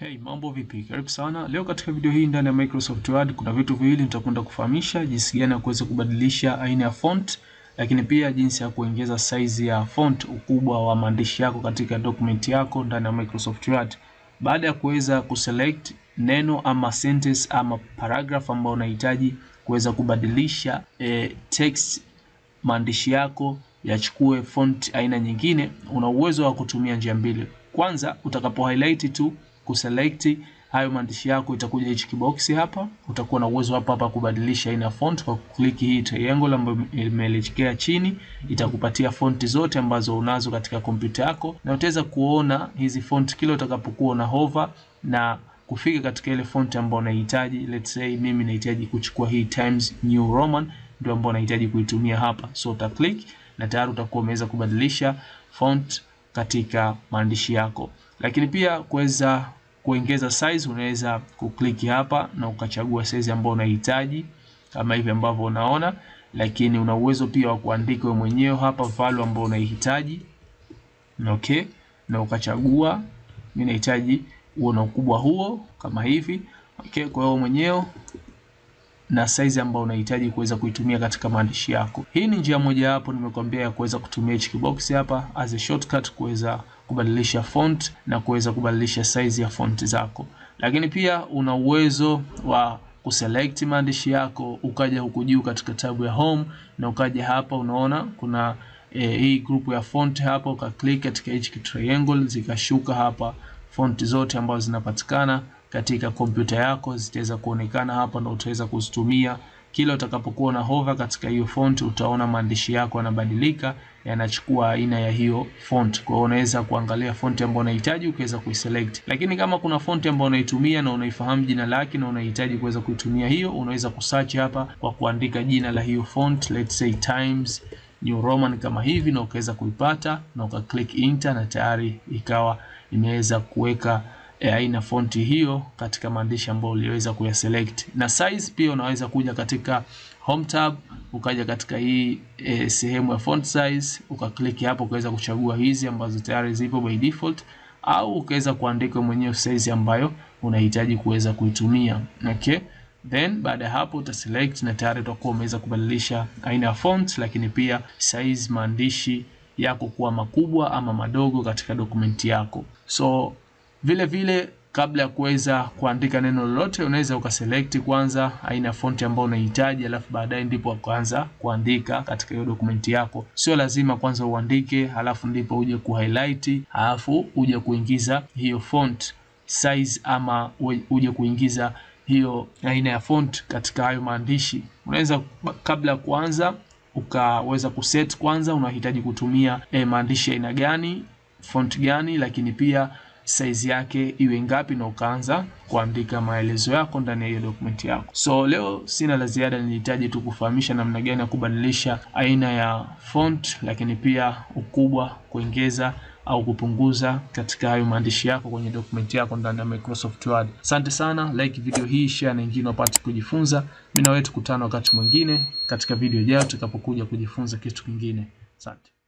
Hey, mambo vipi? Karibu sana. Leo katika video hii ndani ya Microsoft Word kuna vitu viwili nitakwenda kufahamisha jinsi gani ya kuweza kubadilisha aina ya font, lakini pia jinsi ya kuongeza size ya font, ukubwa wa maandishi yako katika document yako ndani ya Microsoft Word. Baada ya kuweza kuselect neno ama sentence ama paragraph ambayo unahitaji kuweza kubadilisha eh, text maandishi yako yachukue font aina nyingine, una uwezo wa kutumia njia mbili. Kwanza utakapo highlight tu kuselect hayo maandishi yako, itakuja hichi kibox hapa. Utakuwa na uwezo hapa hapa kubadilisha aina font kwa kukliki hii triangle ambayo imeelekea chini, itakupatia font zote ambazo unazo katika kompyuta yako, na utaweza kuona hizi font kila utakapokuwa na hover na kufika katika ile font ambayo unahitaji. Let's say mimi nahitaji kuchukua hii Times New Roman, ndio ambayo nahitaji kuitumia hapa, so uta click na tayari utakuwa umeweza kubadilisha font katika maandishi yako. Lakini pia kuweza kuongeza size, unaweza kukliki hapa na ukachagua size ambayo unahitaji kama hivi ambavyo unaona, lakini una uwezo pia wa kuandika wewe mwenyewe hapa value ambayo unaihitaji. Okay, na ukachagua mimi nahitaji uwe na ukubwa huo kama hivi. Okay, kwa hiyo mwenyewe na size ambayo unahitaji kuweza kuitumia katika maandishi yako. Hii ni njia moja hapo nimekwambia ya kuweza kutumia hichi kibox hapa as a shortcut kuweza kubadilisha font na kuweza kubadilisha size ya font zako, lakini pia una uwezo wa kuselect maandishi yako ukaja huku juu katika tabu ya home na ukaja hapa, unaona kuna e, hii group ya font hapa, ukaklik katika hichi triangle zikashuka hapa font zote ambazo zinapatikana katika kompyuta yako zitaweza kuonekana hapa, na utaweza kuzitumia kila utakapokuwa na hover katika hiyo font, utaona maandishi yako yanabadilika, yanachukua aina ya hiyo font. Kwa hiyo unaweza kuangalia font ambayo unahitaji ukaweza kuiselect. Lakini kama kuna font ambayo unaitumia na unaifahamu jina lake na unahitaji kuweza kuitumia hiyo, unaweza kusearch hapa kwa kuandika jina la hiyo font, let's say Times New Roman kama hivi, na ukaweza kuipata na ukaklik enter, na tayari ikawa imeweza kuweka ya aina fonti hiyo katika maandishi ambayo uliweza kuyaselect. Na size pia unaweza kuja katika home tab ukaja katika hii e, sehemu ya font size ukaklik hapo ukaweza kuchagua hizi ambazo tayari zipo by default, au ukaweza kuandika mwenyewe size ambayo unahitaji kuweza kuitumia. Okay. Then baada ya hapo utaselect na tayari utakuwa umeweza kubadilisha aina ya font, lakini pia size maandishi yako kuwa makubwa ama madogo katika dokumenti yako. So vile vile kabla ya kuweza kuandika neno lolote unaweza ukaselect kwanza aina ya fonti ambayo unahitaji, alafu baadaye ndipo kuanza kuandika katika hiyo dokumenti yako. Sio lazima kwanza uandike, alafu ndipo uje ku highlight alafu uje kuingiza hiyo font size ama uje kuingiza hiyo aina ya font katika hayo maandishi. Unaweza kabla ya kuanza ukaweza kuset kwanza unahitaji kutumia e, maandishi aina gani, font gani, lakini pia size yake iwe ngapi, na ukaanza kuandika maelezo yako ndani ya hiyo document yako. So leo sina la ziada, nilihitaji tu kufahamisha namna gani ya kubadilisha aina ya font, lakini pia ukubwa, kuongeza au kupunguza katika hayo maandishi yako kwenye dokumenti yako ndani ya Microsoft Word. Asante sana, like video hii, share na wengine wapate kujifunza. Mimi na wewe tukutane wakati mwingine katika video ijayo tutakapokuja kujifunza kitu kingine. Asante.